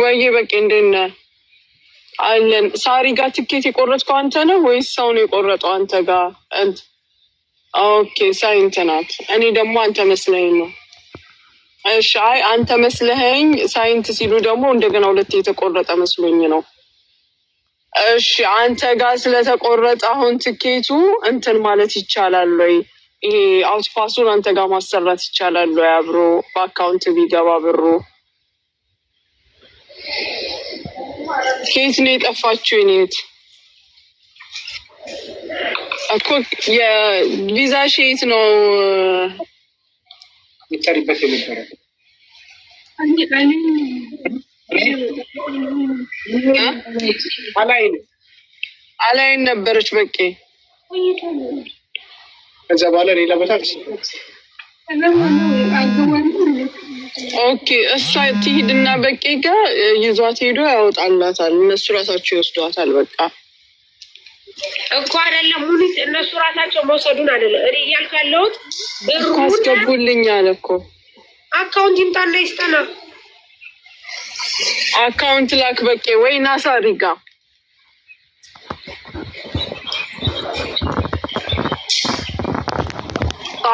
ወይ በቂ እንደነ አለን። ሳሪ ጋር ትኬት የቆረጥከው አንተ ነው ወይስ ሰው ነው የቆረጠው? አንተ ጋር ኦኬ። ሳይንት ናት። እኔ ደግሞ አንተ መስለኝ ነው። እሺ። አይ አንተ መስለኸኝ ሳይንት ሲሉ ደግሞ እንደገና ሁለት የተቆረጠ መስሎኝ ነው። እሺ። አንተ ጋር ስለተቆረጠ አሁን ትኬቱ እንትን ማለት ይቻላል ወይ? ይሄ አውትፓሱን አንተ ጋር ማሰራት ይቻላል ወይ? አብሮ በአካውንት ቢገባ ብሩ ከየት ነው የጠፋችው? ኔት እኮ የቪዛ ሼት ነው የሚጠሪበት የነበረ አላይን ነበረች በቂ ከዛ በኋላ ሌላ ቦታ ስ ኦኬ እሷ ትሂድና በቄ ጋር ይዟት ሄዶ ያወጣላታል። እነሱ ራሳቸው ይወስዷታል። በቃ እኮ አይደለም ሙኒት፣ እነሱ ራሳቸው መውሰዱን አይደለም እኔ እያልኩ ያለሁት ብሩ አስገቡልኝ አለ እኮ አካውንት ይምጣና ይስጠና። አካውንት ላክ በቄ ወይ ናሳሪጋ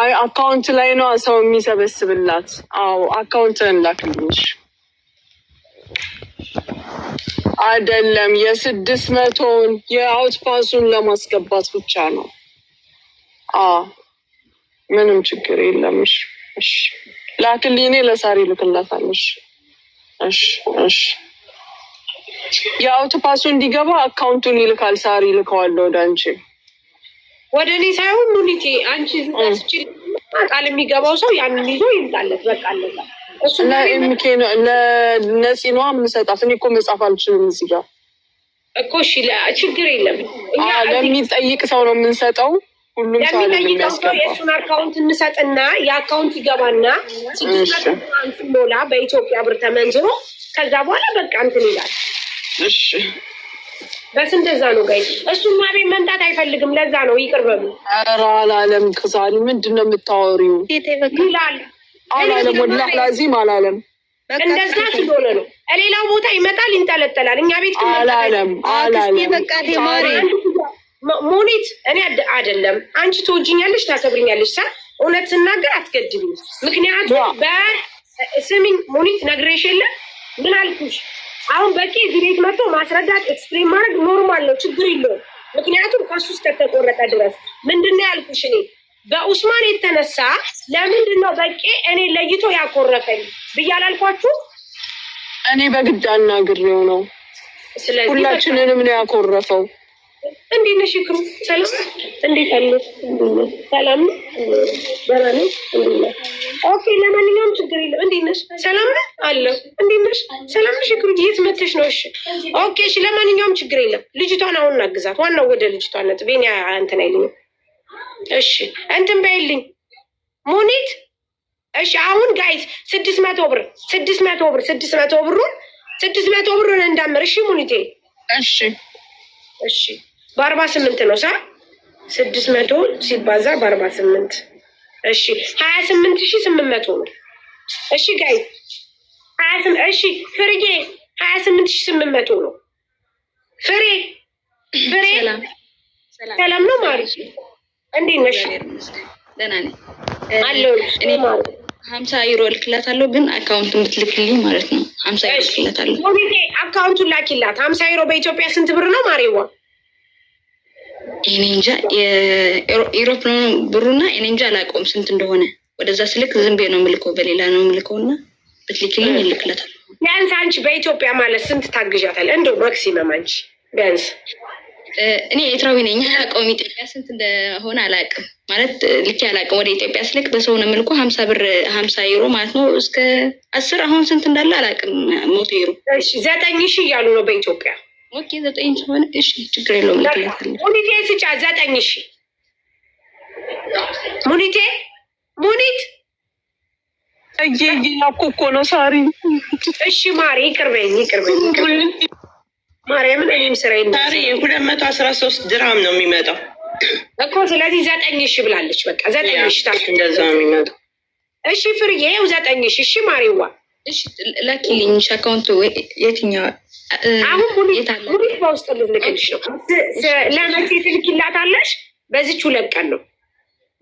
አይ አካውንት ላይ ነው ሰው የሚሰበስብላት። አዎ አካውንትን ላክልሽ። አይደለም የስድስት መቶውን የአውትፓሱን ለማስገባት ብቻ ነው። አዎ ምንም ችግር የለምሽ። እሺ ላክልኝ። እኔ ለሳሪ ልክላታለሽ። እሺ እሺ። የአውቶፓሱ እንዲገባ አካውንቱን ይልካል። ሳሪ ልከዋለሁ ወደ አንቺ ወደ እኔ ሳይሆን ሙኒቴ አንቺ ስችል ቃል የሚገባው ሰው ያንን ይዞ ይምጣለት። በቃ አለዛ ነፂ ነዋ የምሰጣት። እኔ እኮ መጻፍ አልችልም እዚህ ጋር እኮ እሺ፣ ችግር የለም። ለሚጠይቅ ሰው ነው የምንሰጠው። ሁሉም ለሚጠይቀው ሰው የእሱን አካውንት እንሰጥና የአካውንት ይገባና ስድስት ሞላ በኢትዮጵያ ብር ተመንዝሮ ከዛ በኋላ በቃ እንትን ይላል። እሺ በስ እንደዛ ነው ጋይ እሱማ ማቤ መምጣት አይፈልግም። ለዛ ነው ይቅር በሉ። ኧረ አላለም። ክሳል ምንድን ነው የምታወሪው? ይላል አላለም። ወላሂ ላዚም አላለም። እንደዛ ስለሆነ ነው። ሌላው ቦታ ይመጣል፣ ይንጠለጠላል። እኛ ቤት አላለም። አላለም። ሞኒት እኔ አይደለም አንቺ ትወጂኛለሽ፣ ታከብሪኛለሽ። ሳ እውነት ስናገር አትገድብኝ። ምክንያቱም በስሚኝ ሞኒት ነግሬሽ የለ ምን አልኩሽ አሁን በቂ እዚህ ቤት መጥቶ ማስረዳት ኤክስትሪም ማድረግ ኖርማል ነው፣ ችግር የለውም። ምክንያቱም ከሱ እስከተቆረጠ ድረስ ምንድን ነው ያልኩሽ? እኔ በኡስማን የተነሳ ለምንድን ነው በቂ እኔ ለይቶ ያኮረፈኝ ብዬ አላልኳችሁ? እኔ በግድ አናግሬው ነው። ስለዚህ ሁላችንንም ነው ያኮረፈው። እንዴት ነሽ? ይክሩ ሰላም፣ እንዴት አለሽ? ሰላም ደህና ነኝ። ኦኬ፣ ለማንኛውም ችግር የለም። እንዴት ነሽ? ሰላም ነው አለው። እንዴት ነሽ? ሰላም ነሽ? ይክሩ የት መተሽ ነው? እሺ፣ ኦኬ፣ እሺ፣ ለማንኛውም ችግር የለም። ልጅቷን አሁን እናግዛት። ዋናው ወደ ልጅቷ ነጥብ የእኔ እንትን አይልኝም። እሺ፣ እንትን በይልኝ ሙኒት። እሺ፣ አሁን ጋይዝ ስድስት መቶ ብር ስድስት መቶ ብር ስድስት መቶ ብሩን ስድስት መቶ ብሩን እንዳምር። እሺ ሙኒቴ፣ እሺ፣ እሺ በአርባ ስምንት ነው ሳ ስድስት መቶ ሲባዛ በአርባ ስምንት እሺ ሀያ ስምንት ሺ ስምንት መቶ ነው። እሺ ጋይ እሺ ፍርጌ ሀያ ስምንት ሺ ስምንት መቶ ነው። ፍሬ ፍሬ ሰላም ነው ማሪ እንዴት ነሽ? ደህና ነኝ አለሁ። ሀምሳ ዩሮ እልክላታለሁ ግን አካውንቱ ምትልክልኝ ማለት ነው። ሀምሳ ዩሮ እልክላታለሁ። አካውንቱን ላኪላት። ሀምሳ ዩሮ በኢትዮጵያ ስንት ብር ነው ማሬዋ? እኔ እንጃ ኢሮፕ ነው ብሩና፣ እኔ እንጃ አላውቀውም ስንት እንደሆነ። ወደዛ ስልክ ዝንቤ ነው ምልከው፣ በሌላ ነው ምልከው እና ብትልክልኝ ይልክለታል። ቢያንስ አንቺ በኢትዮጵያ ማለት ስንት ታግዣታል? እንዶ ማክሲመም አንቺ ቢያንስ እኔ ኤርትራዊ ነኝ አላውቀውም። ኢትዮጵያ ስንት እንደሆነ አላውቅም ማለት ልኬ አላውቅም። ወደ ኢትዮጵያ ስልክ በሰው ነው ምልኮ ሀምሳ ብር ሀምሳ ዩሮ ማለት ነው እስከ አስር አሁን ስንት እንዳለ አላውቅም። ሞቶ ዩሮ ዘጠኝ ሺ እያሉ ነው በኢትዮጵያ ኦኬ ዘጠኝ ሺህ እሺ ችግር የለውም። ሙኒቴ ስጫ ዘጠኝ ሺህ ሙኒቴ ሙኒት እየዬ ናኮኮ ነው ሳሪ። እሺ ማሪ ይቅርበኝ፣ ይቅርበኝ ማርያምን እኔም ስራ ሳሪ ሁለት መቶ አስራ ሶስት ድርሃም ነው የሚመጣው እኮ ስለዚህ ዘጠኝ ሺ ብላለች። በቃ ዘጠኝ ሺ ታ እንደዛ ነው የሚመጣው። እሺ ፍርዬ ይኸው ዘጠኝ ሺ እሺ ማሪዋ እሺ ላኪልኝ አካውንቱ የትኛው? አሁን በውስጥ ነው። ለመቼ ትልኪላታለሽ? በዚች ሁለት ቀን ነው።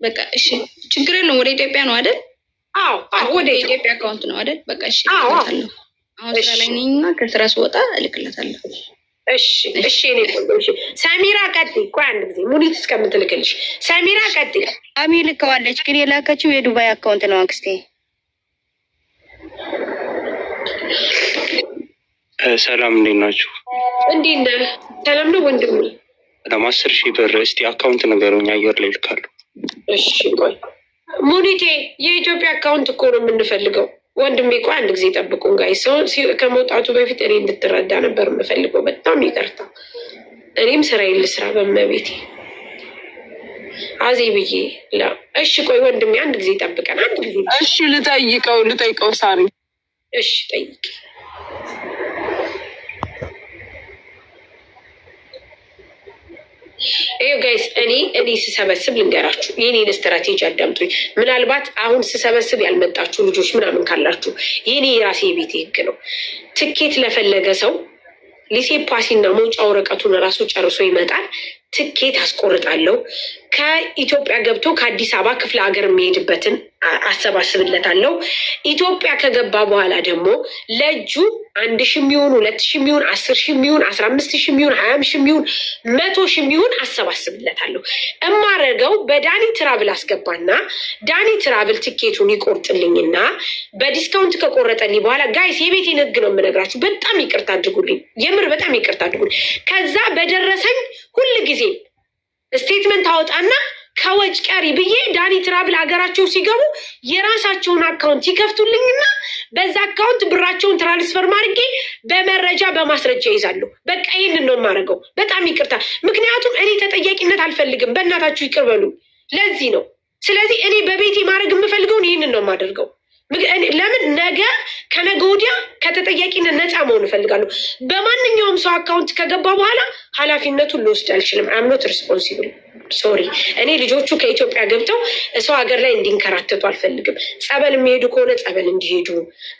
በቃ እሺ፣ ችግር የለውም። ወደ ኢትዮጵያ ነው አይደል? አዎ፣ ወደ ኢትዮጵያ አካውንት ነው አይደል? በቃ እሺ፣ አሁን ከስራ ስወጣ እልክላታለሁ። እሺ፣ እሺ። እኔ ሰሚራ ቀጥይ። ቆይ አንድ ጊዜ እስከምትልክልሽ ሰሚራ ቀጥይ። አሚ ልከዋለች፣ ግን የላከችው የዱባይ አካውንት ነው አክስቴ ሰላም እንዴት ናችሁ? እንዴት ነህ? ሰላም ነው ወንድም። በጣም አስር ሺህ ብር እስቲ አካውንት ነገሩኝ አየር ላይ ልካለሁ። እሺ ቆይ ሙኒቴ የኢትዮጵያ አካውንት እኮ ነው የምንፈልገው ወንድሜ። ቆይ አንድ ጊዜ ጠብቁን ጋይ ሰው ከመውጣቱ በፊት እኔ እንድትረዳ ነበር የምፈልገው። በጣም ይቅርታ። እኔም ስራዬን ልስራ በመቤቴ አዜ ብዬ። እሺ ቆይ ወንድሜ አንድ ጊዜ ጠብቀን አንድ ጊዜ እሺ ልጠይቀው ልጠይቀው ሳሪ እሺ ጠይቂ። ይሄው ጋይስ እኔ እኔ ስሰበስብ ልንገራችሁ፣ የኔን ስትራቴጂ አዳምጡኝ። ምናልባት አሁን ስሰበስብ ያልመጣችሁ ልጆች ምናምን ካላችሁ የኔ የራሴ የቤት ህግ ነው። ትኬት ለፈለገ ሰው ሊሴ ፓሲና መውጫ ወረቀቱን ራሱ ጨርሶ ይመጣል። ትኬት አስቆርጣለሁ። ከኢትዮጵያ ገብቶ ከአዲስ አበባ ክፍለ ሀገር የሚሄድበትን አሰባስብለታለሁ። ኢትዮጵያ ከገባ በኋላ ደግሞ ለእጁ አንድ ሺ የሚሆን ሁለት ሺ የሚሆን አስር ሺ የሚሆን አስራ አምስት ሺ የሚሆን ሀያም ሺ የሚሆን መቶ ሺ የሚሆን አሰባስብለታለሁ። እማረገው በዳኒ ትራብል አስገባና ዳኒ ትራብል ትኬቱን ይቆርጥልኝና በዲስካውንት ከቆረጠልኝ በኋላ ጋይስ የቤቴን ሕግ ነው የምነግራችሁ። በጣም ይቅርታ አድርጉልኝ፣ የምር በጣም ይቅርታ አድርጉልኝ። ከዛ በደረሰኝ ሁል ጊዜ ስቴትመንት አወጣና ከወጭ ቀሪ ብዬ ዳኒ ትራብል ሀገራቸው ሲገቡ የራሳቸውን አካውንት ይከፍቱልኝና በዛ አካውንት ብራቸውን ትራንስፈር ማድርጌ በመረጃ በማስረጃ ይዛሉ። በቃ ይህንን ነው የማደርገው። በጣም ይቅርታ፣ ምክንያቱም እኔ ተጠያቂነት አልፈልግም። በእናታችሁ ይቅርበሉ። ለዚህ ነው። ስለዚህ እኔ በቤቴ ማድረግ የምፈልገውን ይህንን ነው የማደርገው። ለምን ነገ ከነገ ወዲያ ከተጠያቂነት ነፃ መሆን እፈልጋለሁ። በማንኛውም ሰው አካውንት ከገባ በኋላ ኃላፊነቱን ልወስድ አልችልም። አምኖት ሪስፖንሲብል ሶሪ እኔ ልጆቹ ከኢትዮጵያ ገብተው ሰው ሀገር ላይ እንዲንከራተቱ አልፈልግም። ጸበል የሚሄዱ ከሆነ ጸበል እንዲሄዱ፣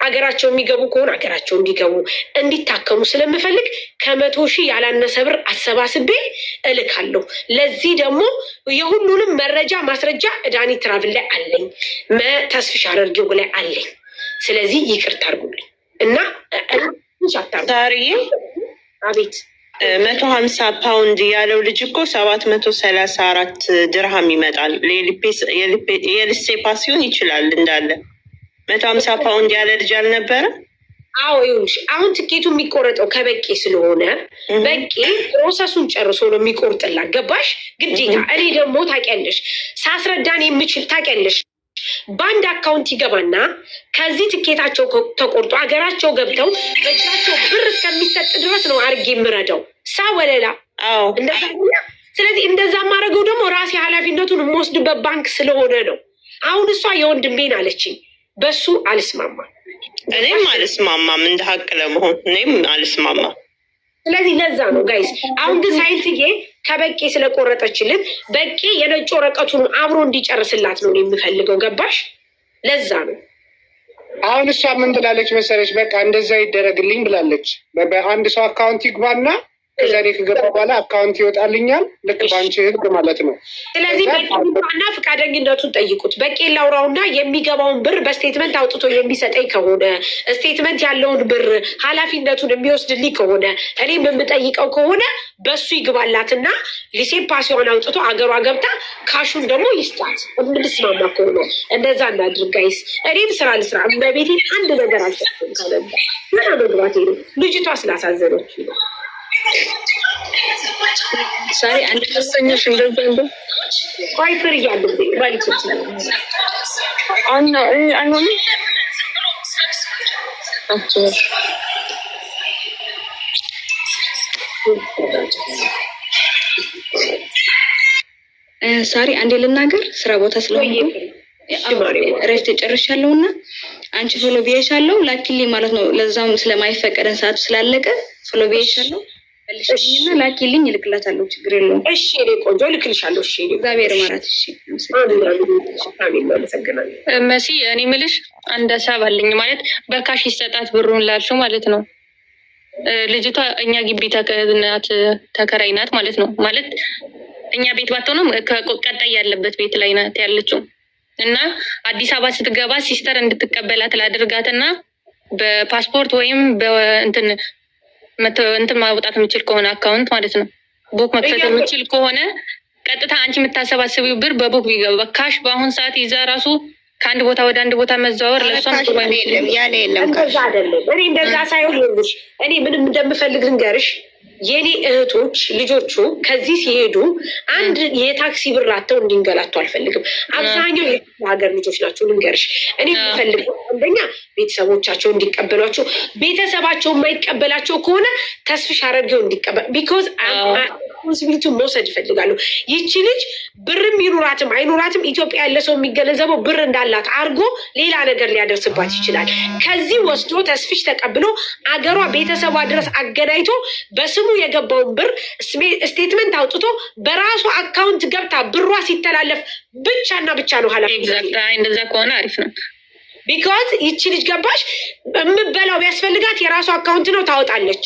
አገራቸው የሚገቡ ከሆነ አገራቸው እንዲገቡ እንዲታከሙ ስለምፈልግ ከመቶ ሺህ ያላነሰ ብር አሰባስቤ እልካለሁ። ለዚህ ደግሞ የሁሉንም መረጃ ማስረጃ እዳኒ ትራቭል ላይ አለኝ፣ ተስፍሽ አደርጌው ላይ አለኝ። ስለዚህ ይቅርታ አድርጉልኝ እና ሳርዬ አቤት መቶ ሀምሳ ፓውንድ ያለው ልጅ እኮ ሰባት መቶ ሰላሳ አራት ድርሃም ይመጣል። የልሴ ፓሲዮን ይችላል እንዳለ መቶ ሀምሳ ፓውንድ ያለ ልጅ አልነበረ? አዎ ይሁንሽ። አሁን ትኬቱ የሚቆረጠው ከበቄ ስለሆነ በቄ ፕሮሰሱን ጨርሶ ነው የሚቆርጥላት። ገባሽ? ግዴታ እኔ ደግሞ ታውቂያለሽ ሳስረዳን የምችል ታውቂያለሽ በአንድ አካውንት ይገባና ከዚህ ትኬታቸው ተቆርጦ ሀገራቸው ገብተው በእጃቸው ብር እስከሚሰጥ ድረስ ነው አድርጌ የምረዳው። ሳ ወለላ ስለዚህ እንደዛ ማድረገው ደግሞ ራሴ ኃላፊነቱን የምወስድበት ባንክ ስለሆነ ነው። አሁን እሷ የወንድሜን አለችኝ። በሱ አልስማማ፣ እኔም አልስማማም። እንደ ሀቅ ለመሆን እኔም አልስማማ። ስለዚህ ለዛ ነው ጋይስ አሁን ግን ሳይንትዬ ከበቂ ስለቆረጠችልን በቂ የነጭ ወረቀቱን አብሮ እንዲጨርስላት ነው የምፈልገው። ገባሽ? ለዛ ነው አሁን እሷ ምን ብላለች መሰለች? በቃ እንደዛ ይደረግልኝ ብላለች። በአንድ ሰው አካውንት ይግባና ከዛ እኔ ከገባ በኋላ አካውንት ይወጣልኛል። ልክ በአንቺ ህግ ማለት ነው። ስለዚህ በቄላና ፈቃደኝነቱን ጠይቁት። በቄላ አውራውና የሚገባውን ብር በስቴትመንት አውጥቶ የሚሰጠኝ ከሆነ ስቴትመንት ያለውን ብር ኃላፊነቱን የሚወስድልኝ ከሆነ እኔም የምጠይቀው ከሆነ በሱ ይግባላትና ሊሴን ፓሲዋን አውጥቶ አገሯ ገብታ ካሹን ደግሞ ይስጣት። የምንስማማ ከሆነ እንደዛ እናድርጋይስ። እኔም ስራ ልስራ። በቤቴ አንድ ነገር አልሰጥም ካለ ምን አመግባት ልጅቷ ስላሳዘነች ነው ሳሪ አንድ ተሰኞሽ እንደዘንብ ቆይ ፍር እያለብኝ አና ሳሪ አንዴ ልናገር ስራ ቦታ ስለሆነ እረፍት ጨርሻለሁ እና አንቺ ፎሎ ብዬሻለሁ ላኪሊ ማለት ነው። ለዛም ስለማይፈቀደን ሰዓት ስላለቀ ፎሎ ብዬሻለሁ እና ላኪልኝ፣ እልክላታለሁ። ችግር የለውም። እሺ እኔ ቆንጆ እልክልሻለሁ። እሺ እግዚአብሔር እሺ። መሲ እኔ ምልሽ አንድ ሀሳብ አለኝ። ማለት በካሽ ይሰጣት ብሩን ላልሽው ማለት ነው። ልጅቷ እኛ ግቢ ናት ተከራይ ናት ማለት ነው። ማለት እኛ ቤት ባትሆንም ቀጣይ ያለበት ቤት ላይ ናት ያለችው እና አዲስ አበባ ስትገባ ሲስተር እንድትቀበላት በፓስፖርት ወይም እንትን ማውጣት የምችል ከሆነ አካውንት ማለት ነው ቡክ መክፈት የምችል ከሆነ ቀጥታ አንቺ የምታሰባስቢው ብር በቡክ ቢገባ ካሽ በአሁን ሰዓት ይዛ ራሱ ከአንድ ቦታ ወደ አንድ ቦታ መዘዋወር ለእሷም ያለ የለም። ከዛ አይደለም እኔ እንደዛ ሳይሆን ይሉሽ እኔ ምንም እንደምፈልግ ልንገርሽ። የኔ እህቶች ልጆቹ ከዚህ ሲሄዱ አንድ የታክሲ ብር አተው እንዲንገላቱ አልፈልግም። አብዛኛው የሀገር ልጆች ናቸው። ልንገርሽ እኔ የምፈልግ አንደኛ ቤተሰቦቻቸው እንዲቀበሏቸው ቤተሰባቸው የማይቀበላቸው ከሆነ ተስፍሽ አረገው እንዲቀበል ቢኮዝ ሪስፖንሲቢሊቲ መውሰድ ይፈልጋሉ። ይቺ ልጅ ብርም ይኑራትም አይኑራትም ኢትዮጵያ ያለ ሰው የሚገነዘበው ብር እንዳላት አድርጎ ሌላ ነገር ሊያደርስባት ይችላል። ከዚህ ወስዶ ተስፍሽ ተቀብሎ አገሯ ቤተሰቧ ድረስ አገናኝቶ በስሙ የገባውን ብር ስቴትመንት አውጥቶ በራሱ አካውንት ገብታ ብሯ ሲተላለፍ ብቻና ብቻ ነው ኋላ እንደዛ ከሆነ አሪፍ ነው። ቢካዝ ይቺ ልጅ ገባሽ፣ የምበላው ቢያስፈልጋት የራሱ አካውንት ነው ታወጣለች።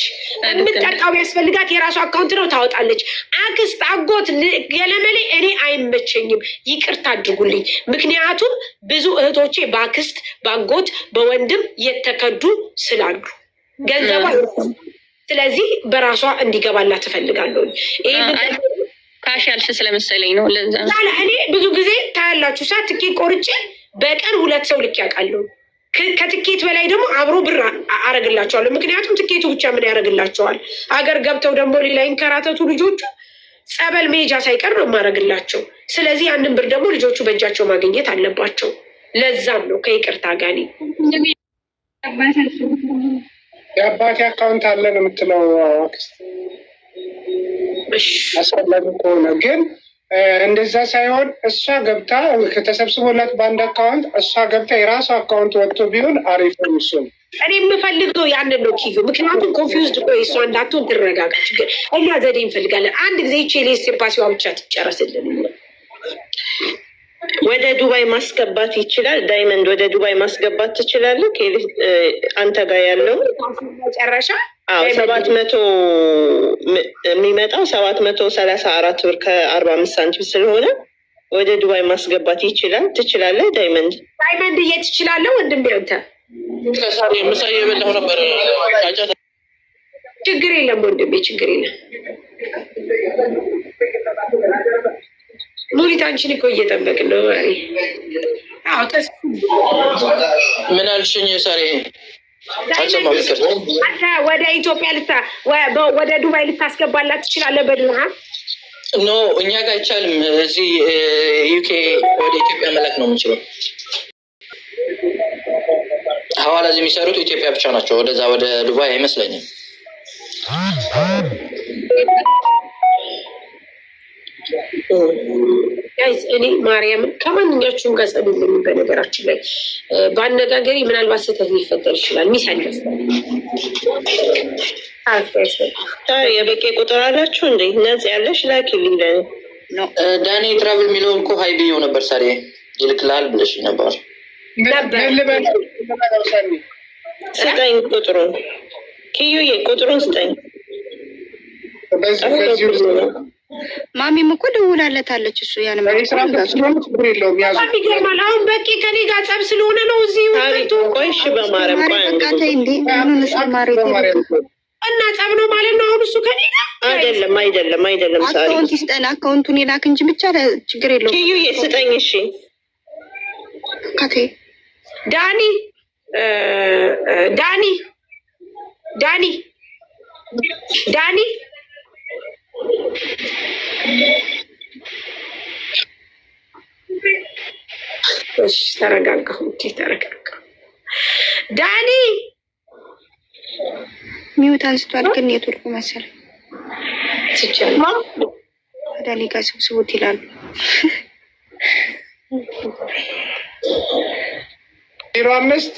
የምጠጣው ቢያስፈልጋት የራሱ አካውንት ነው ታወጣለች። አክስት፣ አጎት፣ ገለመሌ እኔ አይመቸኝም፣ ይቅርታ አድርጉልኝ። ምክንያቱም ብዙ እህቶቼ በአክስት በአጎት በወንድም የተከዱ ስላሉ ገንዘቧ፣ ስለዚህ በራሷ እንዲገባላት እፈልጋለሁ። ካሽ ያልሽ ስለመሰለኝ ነው። ለዛ እኔ ብዙ ጊዜ ታያላችሁ ሳት ቆርጬ በቀን ሁለት ሰው ልክ ያውቃለሁ። ከትኬት በላይ ደግሞ አብሮ ብር አረግላቸዋለሁ። ምክንያቱም ትኬቱ ብቻ ምን ያደረግላቸዋል? አገር ገብተው ደግሞ ሌላ ይንከራተቱ ልጆቹ ጸበል መሄጃ ሳይቀር ነው የማደርግላቸው። ስለዚህ ያንን ብር ደግሞ ልጆቹ በእጃቸው ማግኘት አለባቸው። ለዛም ነው ከይቅርታ ጋኒ የአባቴ አካውንት አለን የምትለው አስፈላጊ ከሆነ ግን እንደዛ ሳይሆን እሷ ገብታ ከተሰብስቦላት በአንድ አካውንት እሷ ገብታ የራሱ አካውንት ወጥቶ ቢሆን አሪፍ ነው። እኔ የምፈልገው ያንን ነው ኪዩ። ምክንያቱም ኮንፊውዝድ ቆይ እሷ እንዳትሆን ትረጋጋ። ችግር እኛ ዘዴ እንፈልጋለን። አንድ ጊዜ ቼሌ ስቴፓሲዋ ብቻ ትጨረስልን ወደ ዱባይ ማስገባት ይችላል። ዳይመንድ ወደ ዱባይ ማስገባት ትችላለህ። አንተ ጋር ያለው መጨረሻ ሰባት መቶ የሚመጣው ሰባት መቶ ሰላሳ አራት ብር ከአርባ አምስት ሳንቲም ስለሆነ ወደ ዱባይ ማስገባት ይችላል። ትችላለህ። ዳይመንድ ዳይመንድ እየ ትችላለህ። ወንድም ቢሆንተ ምሳ የበላሁ ነበር። ችግር የለም ወንድሜ፣ ችግር የለም። ሙኒት አንቺን እኮ እየጠበቅ ነው። ምን አልሽኝ? ሰሬ ወደ ኢትዮጵያ ወደ ዱባይ ልታስገባላት ትችላለህ በድርሃም ኖ እኛ ጋር አይቻልም። እዚህ ዩኬ ወደ ኢትዮጵያ መላክ ነው የምችለው ሀዋላ እዚህ የሚሰሩት ኢትዮጵያ ብቻ ናቸው። ወደዛ ወደ ዱባይ አይመስለኝም። እኔ ማርያም ከማንኛችሁም ጋር ጸብ የለኝም። በነገራችን ላይ በአነጋገሪ ምናልባት ስህተት ሊፈጠር ይችላል። ሚስ አለፍ የበቄ ቁጥር አላችሁ እንዴ? እነዚህ ያለሽ ላኪልኝ። ዳኔ ትራቭል የሚለውን እኮ ሀይ ብዬው ነበር። ሳሬ ይልክልሃል ብለሽ ነበር ስጠኝ ቁጥሩን፣ ክዩዬ፣ ቁጥሩን ስጠኝ ማሚም እኮ ደውላለታለች። እሱ ያን ይገርማል። አሁን በቂ ከኔ ጋር ጸብ ስለሆነ ነው እዚህ ቆይሽ በማርያም እና ጸብ ነው ማለት ነው። አሁን እሱ ከኔ ጋር አይደለም፣ አይደለም፣ አይደለም። አካውንት ይስጠን፣ አካውንቱን የላክ እንጂ ብቻ ችግር የለውም። ኪዩዬ ስጠኝ። እሺ ካቴ ዳኒ ዳኒ ዳኒ ዳኒ እሺ ተረጋጋሁ። እንዴ ተረጋጋ ዳኒ። ሚውት አንስቷል፣ ግን የቱርክ መሰለኝ ትችላል። ዳኒ ጋር ስብስቡት ይላሉ። ዜሮ አምስት